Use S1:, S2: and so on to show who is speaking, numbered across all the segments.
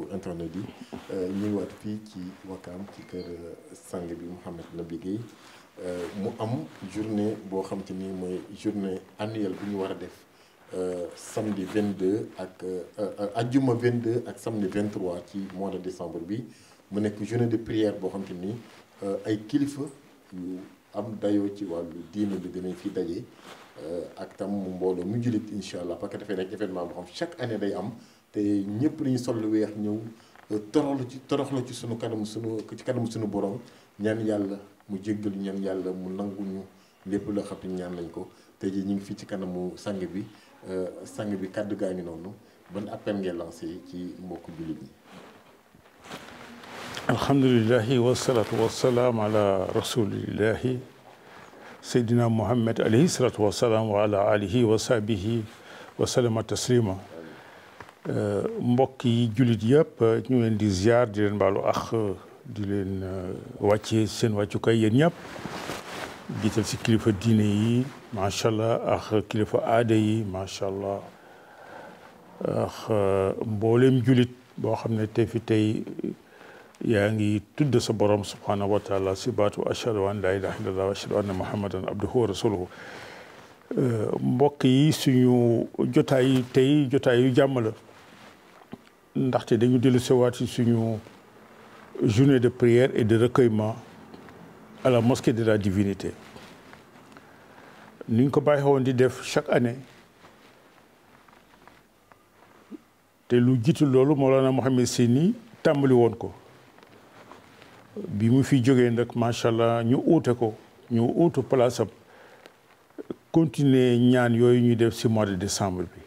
S1: mbokku internet yi euh, ñu ngi waat fii ci Wakaam ci kër euh, sang bi Mouhamed Nabi Guèye euh, mu am journée boo xam te ni mooy journée annuelle bi ñu war a def samedi 22 ak ajjuma 22 ak samedi 23 ci mois de décembre bi mu nekk journée de prière boo xam te nii ay kilifa yu am dayoo ci wàllu diine bi dinañ fi daje ak tam mbooloo mu jullit incha allah parce que dafay nekk événement boo xam chaque année day am. te ñëpp ñu sol lu weex ñëw toroxlu ci toroxlu ci sunu kanam sunu ci kanam sunu borom ñaan yàlla mu jéggal ñaan yàlla mu nanguñu lépp loo xam ne ñaan lañ ko tey jii ñu ngi fii ci kanamu sang bi euh, sang bi kàddu gaa ngi noonu ban appel ngay lancé ci mbokku jullit ñi.
S2: alhamdulilahi wasalaatu wasalaam ala rasulillahi sayyidina muhammad alayhi salatu wasalaam Euh, mbokk yi jullit yëpp euh, ñu leen di ziar di leen baalu ax di leen euh, wàccee seen wàccukaay yéen ñëpp jiital si kilifa diine yi macha allah ak kilifa aada yi macha allah ak mboolem jullit boo xam ne tey fi tey yaa ngi tudd sa borom subhanahu wa taala si baatu ashhadu an la ilaha illallah wa ashhadu anna muhammadan abduhu wa rasuluhu mbokk yi suñu jotaay tey jotaay yu jàmm la ndaxte dañu dellu sewaat ci suñu journée de prière et de recueillement à la mosquée de la divinité ni ñu ko bàyyi woon di def chaque année te lu jiitu loolu Mawlana Mohamed Seyni tàmbali woon ko bi mu fi jógee nag macha allah ñu uute ko ñu uutu place am continuer ñaan yooyu ñuy def si mois de décembre bi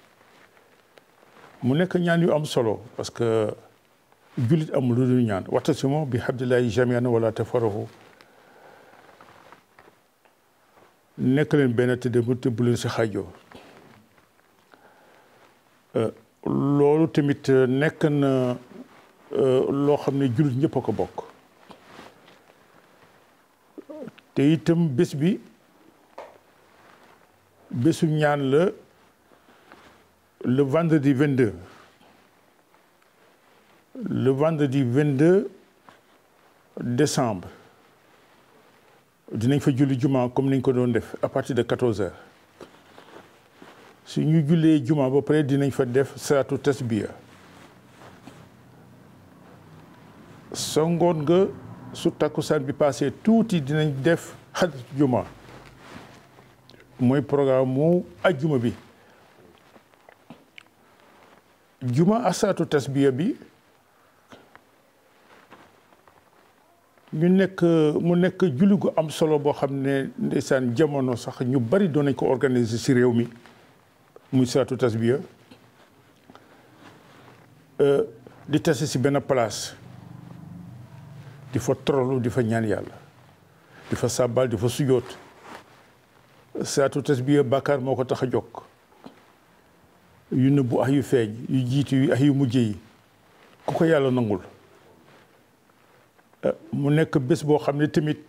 S2: mu nekk ñaan yu am solo parce que jullit amul lu dul ñaan wa'tasimu bi hablillahi jami'an wala tafarraqu nekk leen benn te dem te leen si xaajoo euh, loolu tamit nekk na euh, loo xam ne jullit ñëpp a ko bokk te itam bés bi bésu ñaan la le vendredi 22 le vendredi 22 décembre dinañ fa julli juma comme niñ ko doon def à partir de 14 heures su ñuy jullee juma ba pare dinañ fa def salaatu tasbiya so ngoon nga su takku takkusaan bi passé tuuti dinañ def xadrat juma mooy programme mu juma bi juma asaatu tasbiya bi ñu nekk mu nekk julli gu am solo boo xam ne ndeysaan jamono sax ñu bari doon nañ ko organiser si réew mi muy saatu tasbiya euh, di tase si benn place di fa torolu di fa ñaan yàlla di fa sàbbaal di fa sujoot saatu tasbiya bàkkaar moo ko tax a jóg yu nëbbu ak yu feeñ yu jiitu yi ak yu mujj yi ku ko yàlla nangul eh, mu nekk bés boo xam ne tamit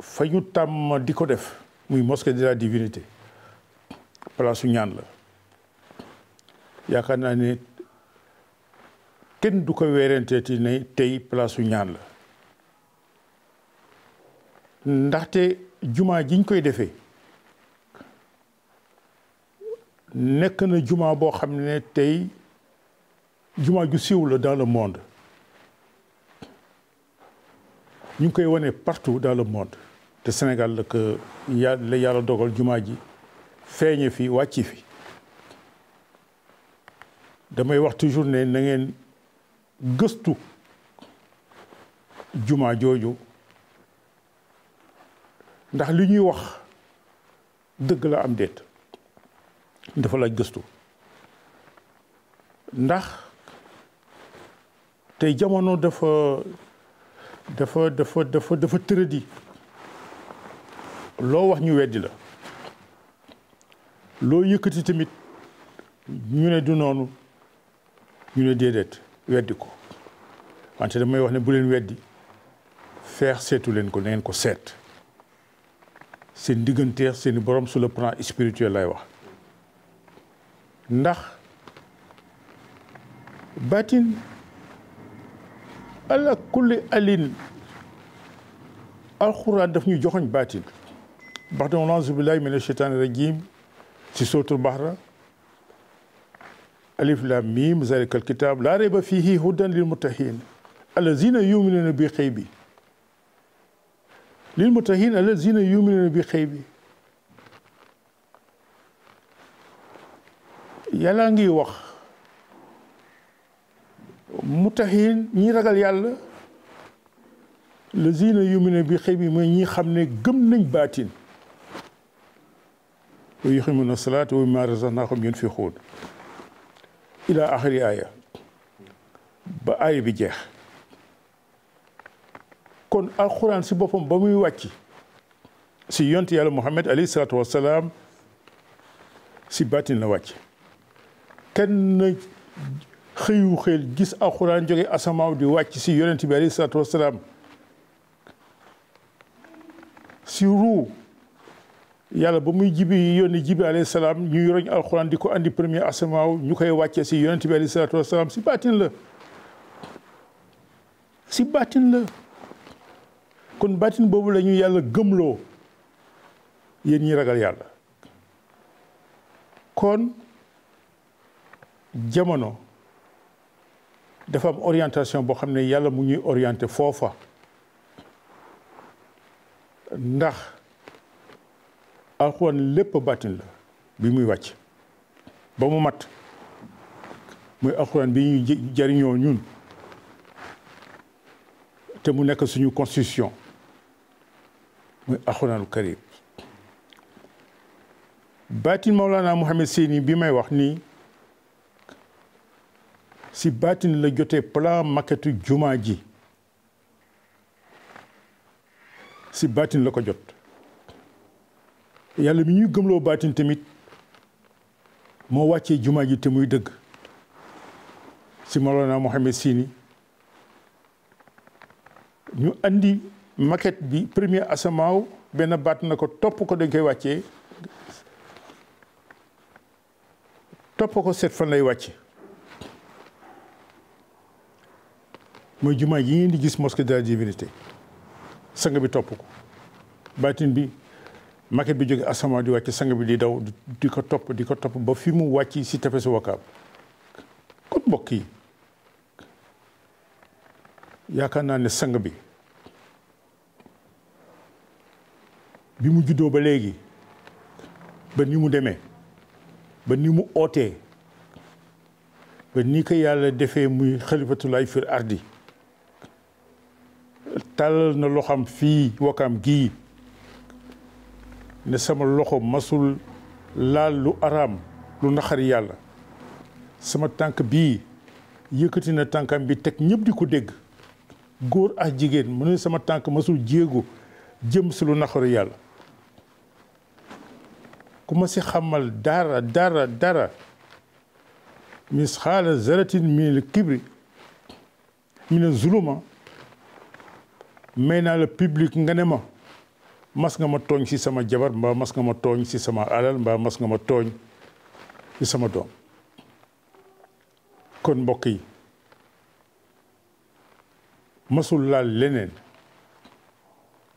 S2: fa ñu tàmm di ko def muy mosquée de la divinité place su ñaan la yaakaar naa ne kenn du ko weerenteeti ne tey place su ñaan la ndaxte jumaa jiñ koy defee nekk na juma boo xam ne tey juma ju siiw la dans le monde ñu ngi koy wane partout dans le monde te Sénégal la que la yàlla dogal jumaa ji feeñe fi wàcc fi damay wax toujours ne na gëstu juma jooju ndax li ñuy wax dëgg la am déet dafa laaj gëstu ndax tey jamono dafa dafa dafa dafa dafa tëradi loo wax ñu weddi la loo yëkkati tamit ñu ne du noonu ñu ne déedéet weddi ko wante damay wax ne bu leen weddi feex seetu leen ko na ko seet seen digganteex seeni borom sur le plan spirituel lay wax ndax baatin ala kulli alin alxuraan daf ñu joxoñ baatin bax dama auzu billahi mina sheytaani rajim ci sootul baxra alif lam mim zalikal kitab laa rayba fihi hudan lil muttahin allazina yuminuna bi xëy bi lil muttahin allazina yuminuna bi xëy bi yàlla ngi wax mutahin ñi ragal yàlla lazina yumina bi xëy bi mooy ñi xam ne gëm nañ baatin wa yuqimuna salaata wa mimma razaqnahum yunfiqun ila axiri aaya ba aaya bi jeex kon alxuraan si boppam ba muy wàcc si yont yàlla Muhammad alayhi salaatu wa salaam si baatin la wàcc kenn xëyu xel gis alxuraan jóge asamaaw di wàcc si yonent bi alayhi salaatu wasalaam si ruu yàlla ba muy jibi yónni jibi alayhi salaam ñuy roñ alxuraan di ko andi premier asamaaw ñu koy wàccee si yonent bi alayhi salaatu si baatin la si baatin la kon baatin boobu la ñu yàlla gëmloo yéen ñi ragal yàlla kon jamono dafa am orientation boo xam ne yàlla mu ñuy orienté foofa ndax alxuraan lépp baatin la bi muy wàcc ba mu mat muy alxuraan bi ñuy jariñoo ñun te mu nekk suñu constitution muy alxuraanu karim baatin Mawlana xam Seyni bi may wax nii si baatin la jotee plan maquette jumaa ji si baatin la ko jot yàlla bi ñuy gëmloo baatin tamit moo wàccee jumaa ji te muy dëgg si Mawlana Mohamed Sini ñu indi maquette bi premier asamaaw benn baat na ko topp ko dañ koy wàccee topp ko seet fan lay wàcce mooy jumaa yi ngeen di gis mosquée de la divinité sang bi topp ko baatin bi maquette bi jóge asamaan di wàcc sang bi di daw di ko topp di ko topp ba fi mu wàcc si tefesu Wakaam kon mbokk yi yaakaar naa ne sang bi bi mu juddoo ba léegi ba ni mu demee ba ni mu ootee ba ni ko yàlla defee muy ay fir ardi tàllal na loxam fii wakam gii ne sama loxo masul laal lu araam lu naxari yàlla sama tànk bii yëkkati na tànkam bi teg ñëpp di ko dégg góor ak jigéen mu ne sama tànk masul jéego jëm si lu naxari yàlla ku ma si xamal dara dara dara mis xaala zaratin min al kibri min al zuluma may naa la public nga ne ma mas nga ma tooñ ci sama jabar mbaa mas nga ma tooñ si sama alal mbaa mas nga ma tooñ ci sama doom kon mbokk yi masul laal leneen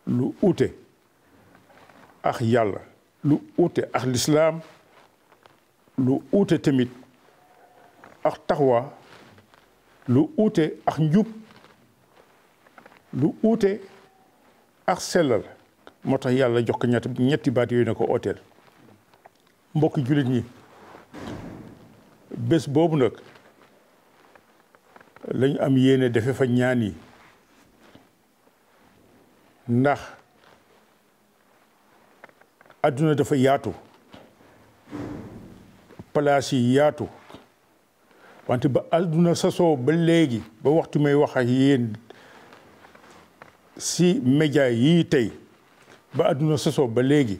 S2: lu uute ak yàlla lu uute ak lislaam lu uute tamit ak taxwa lu uute ak njub lu uute ak sellal moo tax yàlla jox ko ñett ñetti baat yooyu ne ko ooteel mbokki jullit ñi bés boobu nag lañu am yéene defe fa ñaan yi ndax adduna dafa yaatu palaas yi yaatu wante ba adduna sasoo ba léegi ba waxtu may wax ak yéen si média yii tey ba àdduna sosoo ba léegi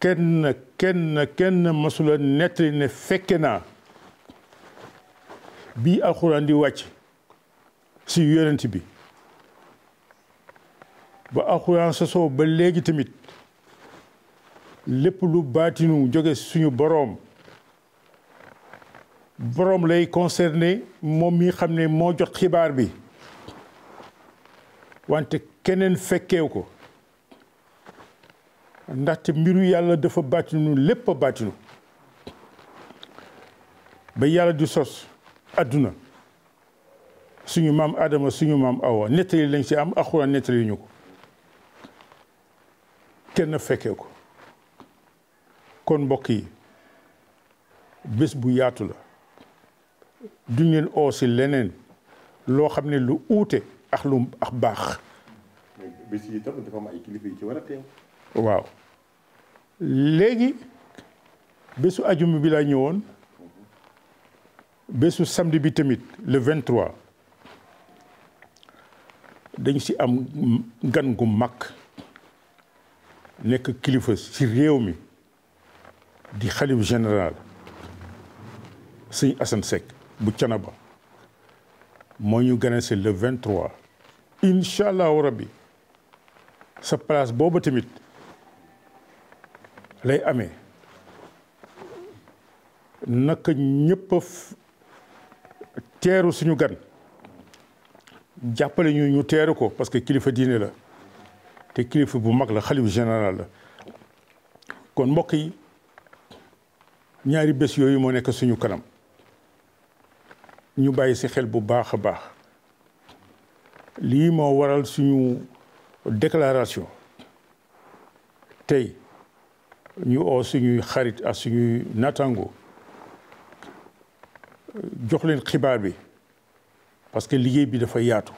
S2: kenn kenn kenn masula nettali ne fekke naa bii alxuraan di wàcc si yonent bi ba alxuraan sosoo ba léegi tamit lépp lu baatinu jóge suñu boroom boroom lay concerné moom mi xam ne moo jot xibaar bi wante keneen fekkeew ko ndaxte mbiru yàlla dafa bàttinu lépp a bàttinu ba yàlla di sos àdduna suñu maam aadama suñu maam Awa nettali lañ si am axuraan nettali ko kenn fekkee ko kon mbokk yi bés bu yaatu la duñ leen oo si leneen loo xam ne lu uute ak lu ak baax. bés yi waaw léegi bésu ajuma bi laa ñëwoon bésu samedi bi tamit le 23 dañ si am gan gu mag nekk kilifa ci réew mi di xalif général sëñ Assane Seck bu Canaba moo ñu ganase le 23. incha allahu rabbi sa place boobu tamit lay ame naka ñëpp a teeru suñu gan jàppale ñu ñu teeru ko parce que kilifa diine la te kilifa bu mag la xalif général la kon mbokk yi ñaari bés yooyu moo nekk suñu kanam ñu bàyyi si xel bu baax a baax lii moo waral suñu déclaration tey ñu oo suñuy xarit ak suñuy natango jox leen xibaar bi parce que liggéey bi dafa yaatu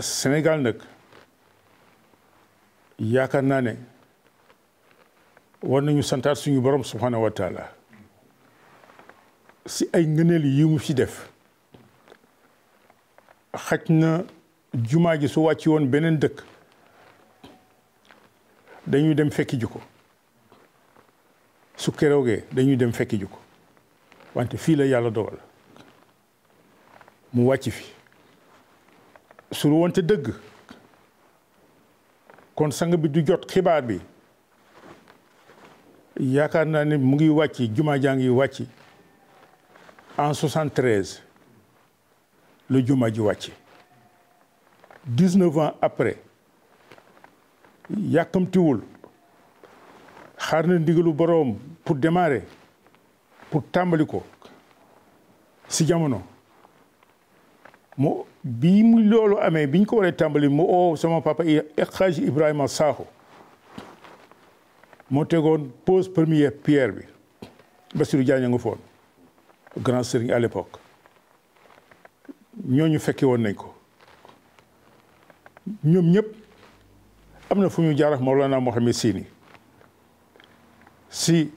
S2: Sénégal nag yaakaar naa ne war nañu santaat suñu borom subhanahu wa taala si ay ngëneel yi mu fi def xaj na jumaa ji su wàcci woon beneen dëkk dañuy dem fekki ji su keroogee dañuy dem fekki ji wante fii la yàlla dogal mu wàcc fi su wonte dëgg kon sang bi du jot xibaar bi yaakaar naa ne mu ngi wàcc jumaa jaa ngi wàcc en 73 la jumaa ji wàcce dix-neuf ans après yàkkamtiwul xar na ndigalu boroom pour démarrer pour tàmbali ko si jamono mu bi mu loolu amee biñ ko waree tàmbali mu oo sama papa Xaaji Ibrahima Sakho moo tegoon pose première pierre bi Bassirou Diagne nga foon grand sëriñ à l'époque ñoo ñu fekke woon nañ ko ñoom ñëpp am na fu ñu jaar ak Mawlana Mohamed Sini si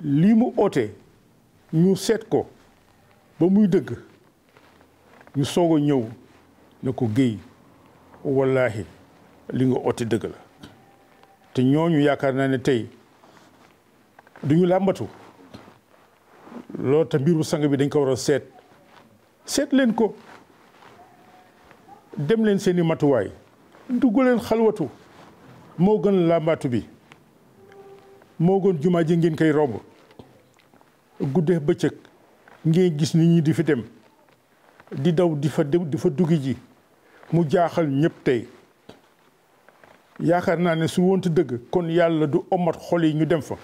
S2: lii mu oote ñu seet ko ba muy dëgg ñu soog a ñëw na ko géy wallaahi li nga oote dëgg la te ñooñu yaakaar naa ne tey du ñu làmbatu loolu te mbiru sang bi dañ ko war a seet seet leen ko dem leen seeni matuwaay dugg leen xalwatu moo gën làmbaatu bi moo gën jumaa ji ngeen koy romb guddee bëccëg ngeen gis nit ñi di fi dem di daw di fa dem di fa duggi ji mu jaaxal ñépp tey yaakaar naa ne su wonte dëgg kon yàlla du omat xol yi ñu dem fa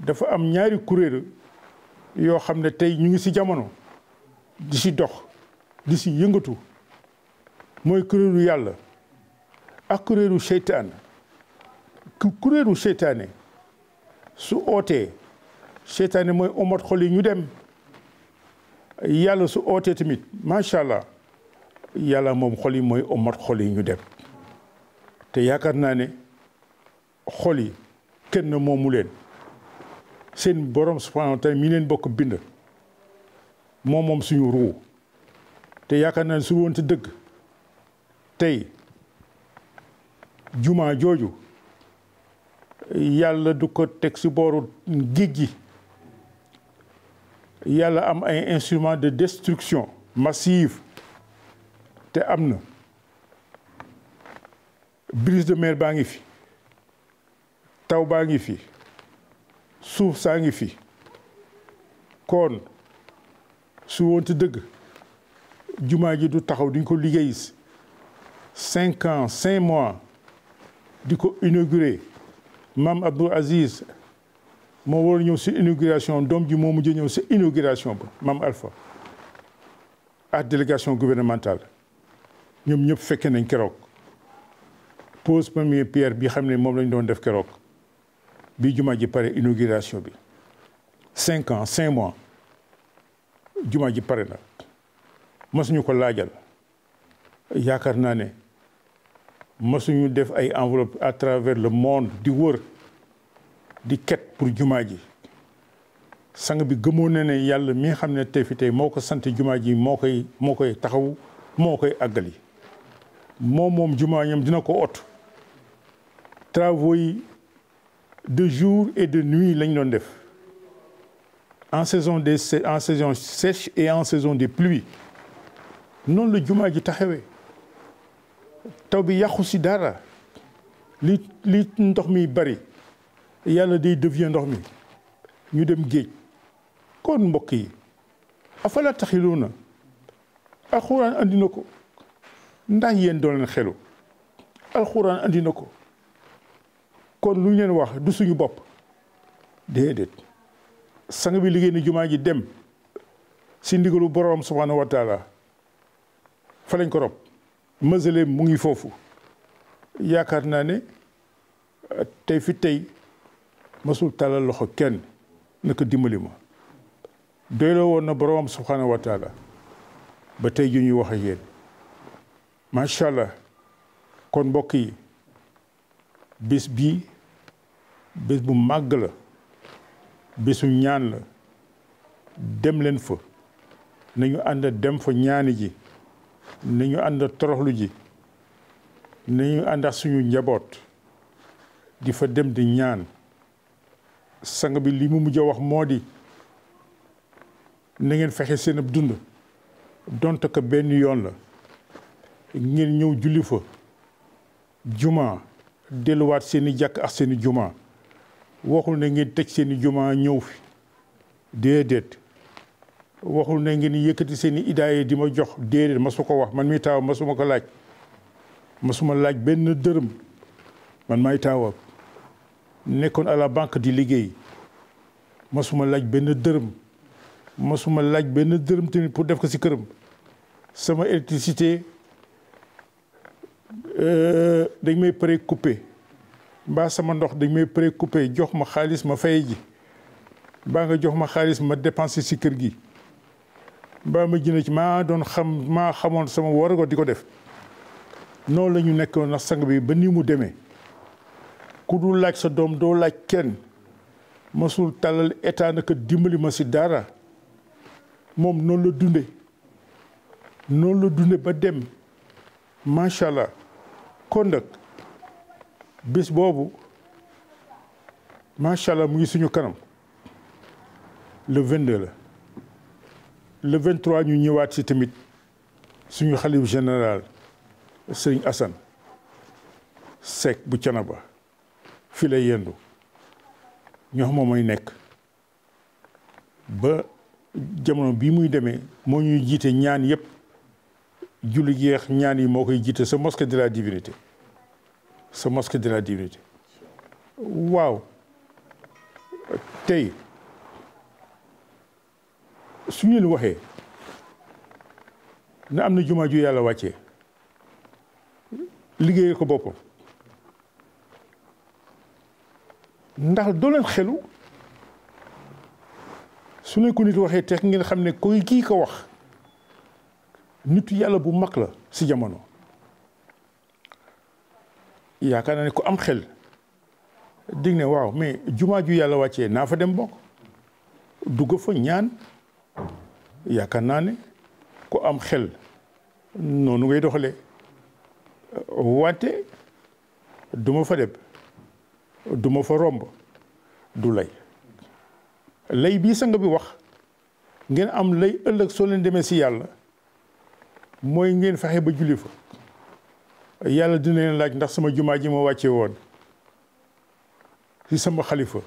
S2: dafa am ñaari kuréel yoo xam ne tey ñu ngi ci jamono di si dox di si yëngatu mooy kuréelu yàlla ak kuréeru seytaan ku kuréelu seytaane su ootee seytaane mooy omat xol yi ñu dem yàlla su ootee tamit macha allah yàlla moom xol yi mooy omat xol yi ñu dem te yaakaar naa ne xol yi kenn moomu leen seen borom subhanahu wa taala mi leen bokk bind moom moom suñu ruu te yaakaar naa ne su woon ci dëgg tey jumaa jooju yàlla du ko teg si booru géej gi yàlla am ay instruments de destruction massive te am na brise de mer baa ngi fi taw baa ngi fi suuf saa ngi fi kon su woon dëgg jumaa ji du taxaw di nga ko liggéey cinq ans cinq mois di ko inauguré maam Abdou Aziz moo war ñëw si inauguration doom ji moo mujj ñëw si inauguration ba maam Alpha ak délégation gouvernementale ñoom ñëpp fekke nañ keroog pose première pierre bi xam ne moom lañ doon def keroog bi jumaa ji pare inauguration bi cinq ans cinq mois jumaa ji pare na masuñu ko laajal yaakaar naa ne masuñu def ay enveloppe à travers le monde di wër di ket pour jumaa ji sang bi gëmoo na ne yàlla mi nga xam ne tey fi tey moo ko sant jumaa ji moo koy moo koy taxawu moo koy àggali moom moom jumaa ñam dina ko ot travaux yi de jour et de nuit lañ doon def en saison des en saison sèche et en saison des pluies noonu la jumaa ji taxawee taw bi yàqu si dara li li ndox mi bari yàlla de devient ndox mi ñu dem géej kon mbokk yi afala taxiluuna alxuraan andi na ko ndax yéen doo leen xelu alxuraan andi ko kon lu ñu leen wax du suñu bopp déedéet sang bi liggéey na jumaa ji dem si ndigalu borom subhanahu wa taala fa lañ mu ngi foofu yaakaar naa ne tey fi tey masul tàllal loxo kenn na ko dimbali ma doyloo woon na borom subhanahu wa taala ba tey ju ñuy wax ak yéen macha allah kon mbokk yi bis bii bés bu màgg la bésu ñaan la dem leen fa nañu ànd dem fa ñaani ji nañu ànd toroxlu ji nañu ànd ak suñu njaboot di fa dem di ñaan sang bi li mu mujj a wax moo di na ngeen fexe seen ab dund donte ko benn yoon la ngeen ñëw julli fa juma delluwaat seeni jàkk ak seeni jumaa waxul na ngeen tëj seen i jumaa ñëw fi déedéet waxul ne ngeen yëkkati seen i idaaye di ma jox déedéet masu ko wax man mi taaw masuma ko laaj masuma laaj benn dërëm man maay nekkoon à la banque di liggéey masuma laaj benn dërëm masuma laaj benn dërëm tamit pour def ko si këram sama électricité euh, dañ may précoupé mbaa sama ndox dañ may préoccupé jox ma xaalis ma fay ji mbaa nga jox ma xaalis ma dépensé si kër gi mbaa ma jënd ci maa doon xam maa xamoon sama wargo di ko def noonu la ñu nekkoon na sang bi ba ni mu demee ku du laaj sa doom doo laaj kenn masul tàllal état naka dimbali ma si dara moom noonu la dunde noonu la dunde ba dem macha allah kon nag bis boobu macha allah mu ngi suñu kanam le 22 la le 23 ñu ñëwaat ci tamit suñu xalif général Serigne Assane Seck bu Canaba fi lay yendu ñoo xam mooy nekk ba jamono bii muy demee moo ñuy jiite ñaan yëpp julli yeex ñaan yi moo koy jiite sa mosquée de la divinité. sa mosquée de la divinité waaw tey su ngeen waxee na am na jumaa ju yàlla wàccee liggéeyee ko boppam ndax doo leen xelu su leen ko nit waxee te ngeen xam ne koy kii ko wax nit yàlla bu mag la si jamono yaakaar naa ne ko am xel dig ne waaw mais jumaa ju yàlla wàccee naa fa dem bokk dugg fa ñaan yaakaar naa ne ku am xel noonu ngay doxale wante duma ma fa dem du fa romb du lay lay bii sang bi wax ngeen am lay ëllëg soo leen demee si yàlla mooy ngeen fexe ba julli fa yàlla dina leen laaj ndax sama jumaa ji ma wàcce woon ci sama xalifa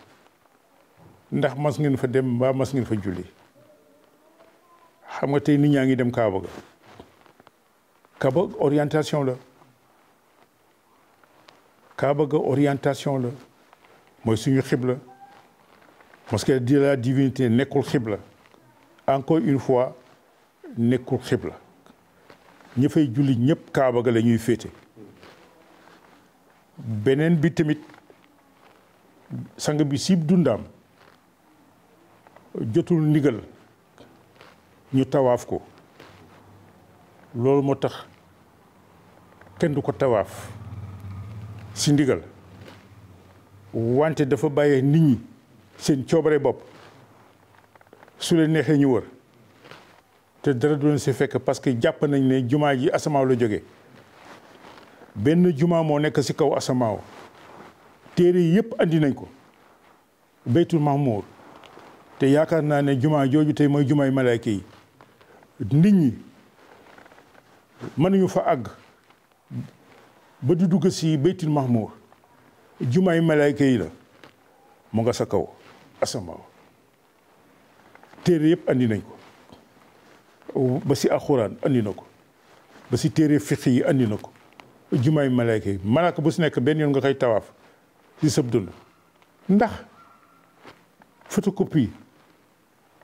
S2: ndax mas ngeen fa dem mbaa mas ngeen fa julli xam nga tey nit ñaa ngi dem Kaaba ga Kaaba orientation la Kaaba ga orientation la mooy suñu xibla mosquée de la divinité nekkul xibla encore une fois nekkul xibla ñi fay julli ñëpp Kaaba ga la ñuy féete beneen bi tamit sang bi siib dundaam jotul ndigal ñu tawaaf ko loolu moo tax kenn ko tawaaf si ndigal wante dafa bàyyee nit ñi seen coobare bopp su leen neexee ñu wër te dara du si fekk parce que jàpp nañ ne jumaa ji asamaaw la jóge benn juma moo nekk si kaw asamaaw téere yëpp andi nañ ko baytul mahmuur te yaakaar naa ne juma jooju tey mooy jumaay malaayka yi nit ñi mënuñu fa àgg ba du dugg ci baytul mahmuur jumaay malaayka yi la mu nga sa kaw asamaaw téere yëpp andi nañ ko ba ci alxuraan andi ko ba ci téere fiq yi andi na ko jumaay malaaka yi malaaka bu si nekk benn yoon nga koy tawaaf ci sëb dund ndax photocopie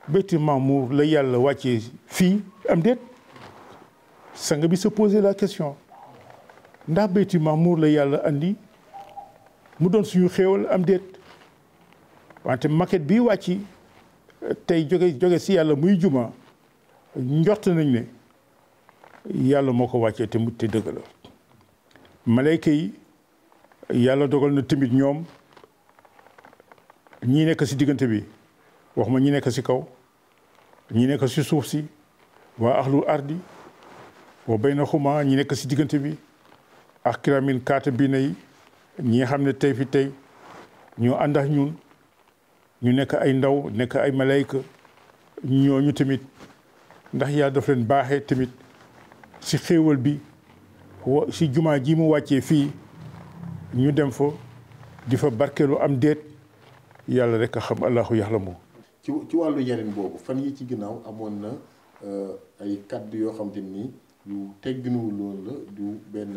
S2: Baytul Mahmour la yàlla wàccee fii am déet sang bi se poser la question ndax Baytul Mahmour la yàlla andi mu doon suñu xéewal am déet wante maket bi wàcci tey jóge jóge si yàlla muy juma njort nañ ne yàlla moo ko wàccee te mu te dëgg malayka yi yàlla dogal na tamit ñoom ñi nekk si diggante bi wax ma ñi nekk si kaw ñi nekk si suuf si waa axlul ardi bay na xuma ñi nekk si diggante bi ak kiramin kaata bii na yi ñi nga xam ne tey fi tey ñu ànd ak ñun ñu nekk ay ndaw nekk ay malayka ñooñu tamit ndax yàlla daf leen baaxee tamit si xéewal bi si jumaa ji mu wàccee fii ñu dem fo di fa barkeelu am déet yàlla rek a xam allahu yaxlamu
S1: ci ci wàllu yeneen boobu fan yi ci ginnaaw amoon na euh, ay kàdd yoo xam te ni yu tegginuwul loolu la du benn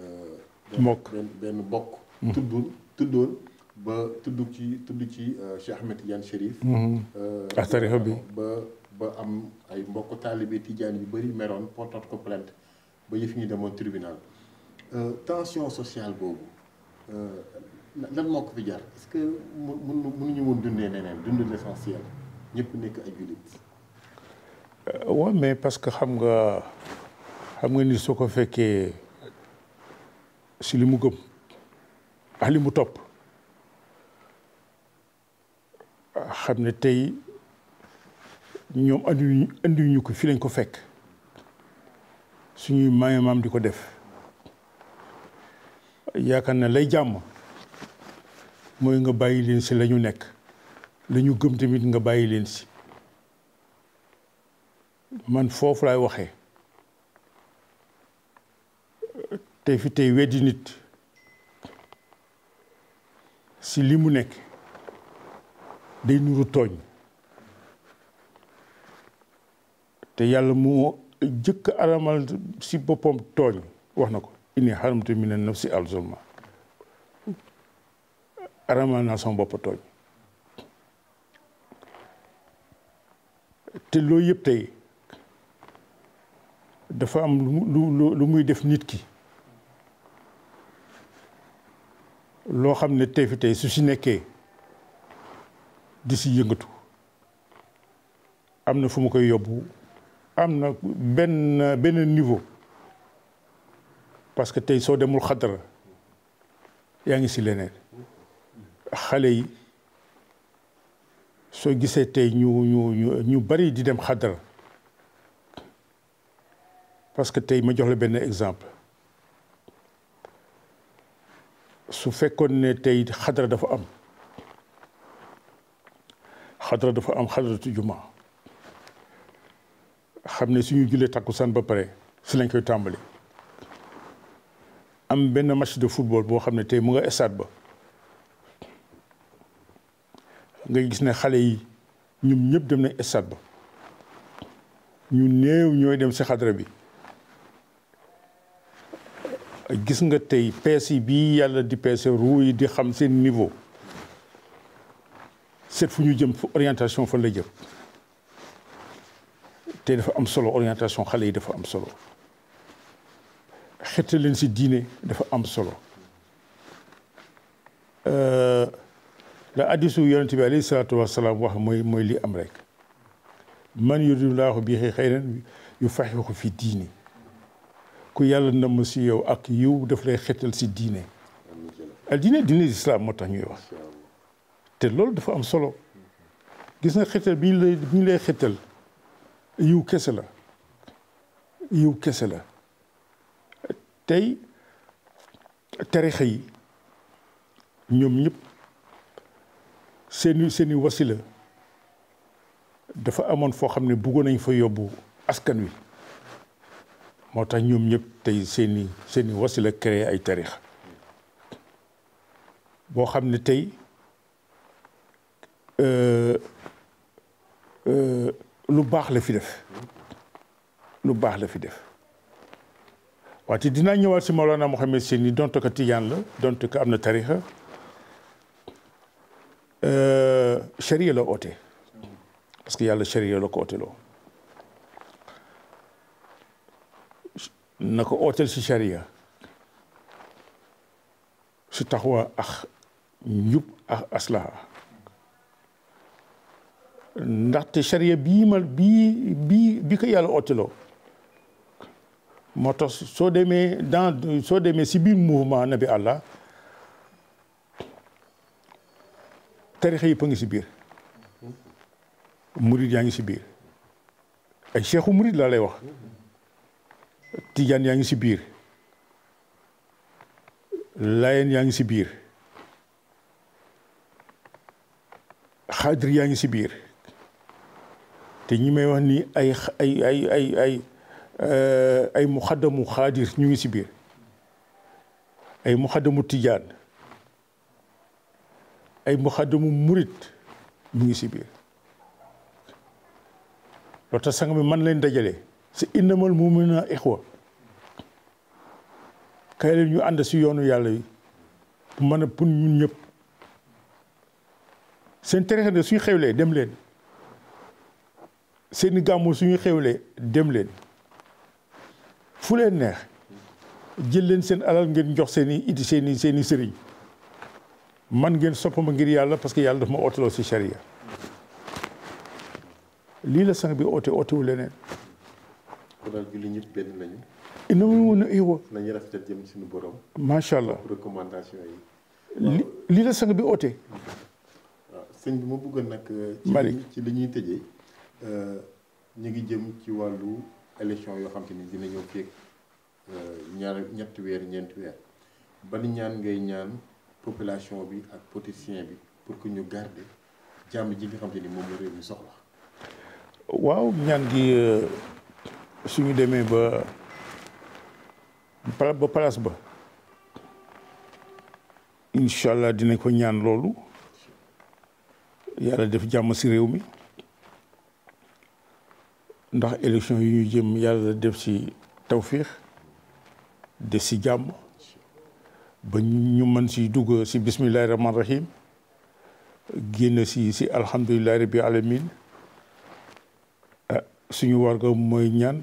S1: euh, mbokk benn bokk mm-hmm. tuddul tuddoon ba tudd ci tudd ci euh, Cheikh Ahmed Tidiane Chérif mm-hmm. ak tarixa bi ba ba am ay mbokk taalibe Tidiane yu bari meroon portat ko plainte ba yëf ñi demoon tribunal euh, tension sociale boobu euh, lan moo ko fi jar est-ce que mun mënuñu woon dundee neneen dund l'essentiel ñëpp nekk ay jullit
S2: waaw euh, mais parce que xam nga xam nga ni soo ko fekkee si li mu gëm ak li mu topp xam ne tey ñoom indi andiwuñu ko fi lañ ko fekk suñuy maam maam di ko def yaakaar na lay jàmm mooy nga bàyyi leen si lañu nekk la ñu gëm tamit nga bàyyi leen si man foofu lay waxee tey fi tey weddi nit si li mu nekk day nuru tooñ te yàlla moo jëkk aramal si boppam tooñ wax na ko inni xaramtu mina nafsi si zulma aramal naa sama bopp tooñ te loolu yëpp tey dafa am lu lu muy def nit ki loo xam ne tey fi tey su si nekkee di si yëngatu am na fu mu koy yóbbu am na benn benn niveau parce que tey soo demul xadara yaa ngi si leneen xale yi soo gisee tey ñu ñu ñu ñu bari di dem xadara parce que tey ma jox la benn exemple su fekkoon ne tey xadara dafa am xadara dafa am xadaratu jumaa xam ne suñu jullee takkusaan ba pare si lañ koy tàmbali am benn match de football boo xam ne tey mu nga stade ba nga gis ne xale yi ñoom ñëpp dem nañ stade ba ñu néew ñooy dem si xadra bi gis nga tey pees yi bii yàlla di peese ruu yi di xam seen niveau seet fu ñu jëm fu orientation fan la jëm te dafa am solo orientation xale yi dafa am solo xetta leen si diine dafa am solo euh, la hadisu yonent bi alayhi salaatu wasalaam wax mooy mooy li am rek man yuridillaahu bihi yu yufaqihuhu fi diini ku yàlla namm si yow ak yiw daf lay xetal si diine al diine diine lislaam moo tax ñuy wax te loolu dafa am solo gis nga xetal bi ñu lay yiw kese la yiw kese la tey tarixa yi ñoom ñëpp seeni seeni wasila dafa amoon foo xam ne bëggoon nañ fa yóbbu askan wi moo tax ñoom ñëpp tey seeni seeni wasila créé ay tarixa boo xam ne tey euh, euh, lu baax la fi def lu baax la fi def waate dinaa ñëwaat si Maolana Mouhamed Seyni donte ko tijaan la donte ko am na tarixa charia euh, la oote parce que yàlla charia la ko oote na ko ooteel si charia si taxawaa ak njub ak aslaha ndaxte charia bii ma bii bii bi ko yàlla ottiloo moo tax soo demee dans soo demee si biir mouvement nabi àllah tarixa yëpp a ngi si biir murid yaa ngi si biir ay cheikhu murid laa lay wax tijaan yaa ngi si biir layen yaa ngi si biir xaadir yaa ngi si biir te ñi may wax ni ay ay ay ay ay eh, ay muxaddamu xaadir ñu ngi si biir ay muxaddamu tijaan ay muxaddamu murit ñu ngi si biir loolu tax sang bi man leen dajale si innamal mu'minuna ixwa kay leen ñu ànd si yoonu yàlla yi mën a pour ñun ñëpp seen tere suñu xewlee dem leen seeni gàmmu suñu xewlee dem leen fu leen neex jël leen seen alal ngeen jox seeni iti seeni seeni sëriñ man ngeen sopp ma ngir yàlla parce que yàlla daf ma ooteloo si charia lii la sang bi oote ootewu leneen.
S1: kon daal julli ñëpp
S2: benn a
S1: iwa. nañu rafetal suñu borom. macha allah recommandation
S2: yi. lii la sang bi oote.
S1: sëñ bi bëggoon nag. Euh, Malick ci li ñuy tëjee. Euh, ñu ngi jëm ci wàllu élection yoo xam te ni dina ñëw fii euh, ñaar ñetti weer ñeenti weer ban ñaan ngay ñaan population bi ak politicien bi pour que ñu garder jàmm ji nga xam te ni moom la réew mi soxla.
S2: waaw ñaan gi euh, suñu demee ba ba place ba incha allah dinañ ko ñaan loolu yàlla def jàmm si réew mi. ndax élection yu ñu jëm yàlla def ci tawfiix def ci jàmm ba ñu mën ci dugg ci bismillahi rahmaani rahim génn ci ci alhamdulillahi rabbi alamin suñu warga mooy ñaan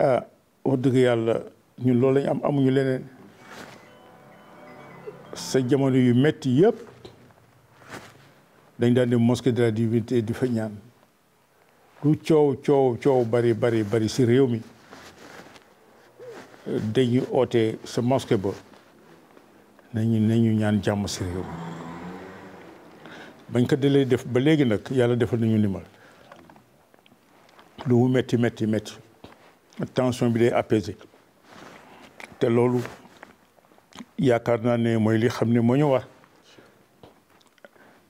S2: ah wax dëgg yàlla ñun loolu lañ am amuñu leneen sa jamono yu metti yëpp dañ daan dem mosquée de la di fa ñaan lu coow coow coow bari bari bari si réew mi dañu oote sa mosquée ba nañu nañu ñaan jàmm si réew mi bañ ko dalee def ba léegi nag yàlla defal nañu nimal lu mu metti metti metti tension bi day apaisé te loolu yaakaar naa ne mooy li xam ne moo ñu war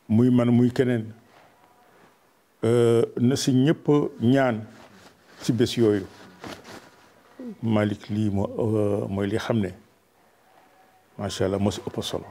S2: muy man muy keneen Euh, na si ñëpp ñaan si bés yooyu Malick lii moo euh, mooy li xam ne macha allah moo si ëpp solo.